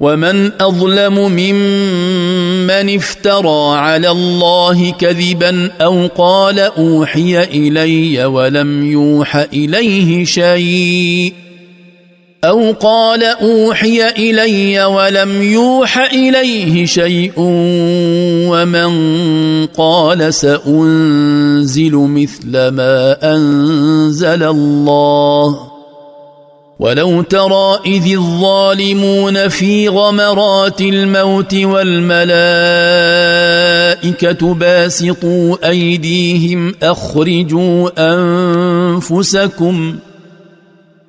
ومن اظلم ممن افترى على الله كذبا او قال اوحي الي ولم يوح اليه شيء او قال اوحي الي ولم يوح اليه شيء ومن قال سانزل مثل ما انزل الله ولو ترى اذ الظالمون في غمرات الموت والملائكه باسطوا ايديهم اخرجوا انفسكم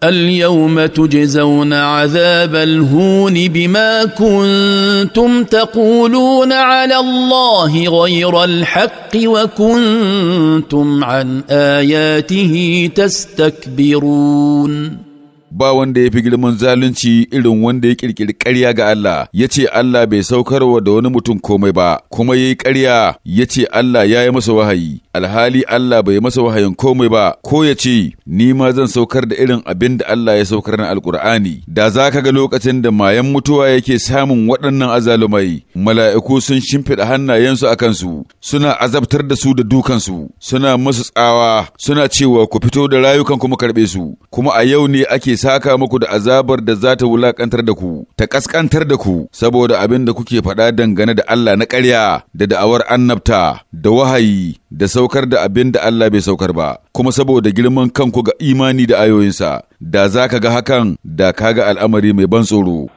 اليوم تجزون عذاب الهون بما كنتم تقولون على الله غير الحق وكنتم عن اياته تستكبرون ba wanda ya fi girman zalunci irin wanda ya kirkiri ƙarya ga Allah ya ce Allah bai saukarwa da wani mutum komai ba kuma ya yi ƙarya ya ce Allah ya yi masa wahayi alhali Allah bai masa wahayin komai ba ko ya ce ni ma zan saukar da irin abin da Allah ya saukar na alkur'ani da za ka ga lokacin da mayan mutuwa yake samun waɗannan azalumai mala'iku sun shimfiɗa hannayensu a kansu suna azabtar da su da dukansu suna masu tsawa suna cewa ku fito da rayukan kuma karɓe su kuma a yau ne ake saka muku da azabar da za ta wulakantar da ku, ta kaskantar da ku, saboda abin da kuke faɗa dangane da Allah na ƙarya, da da'awar annabta, da wahayi, da saukar da abin da Allah bai saukar ba, kuma saboda girman kanku ga imani da ayoyinsa, da za ka ga hakan, da ka ga al'amari mai ban tsoro.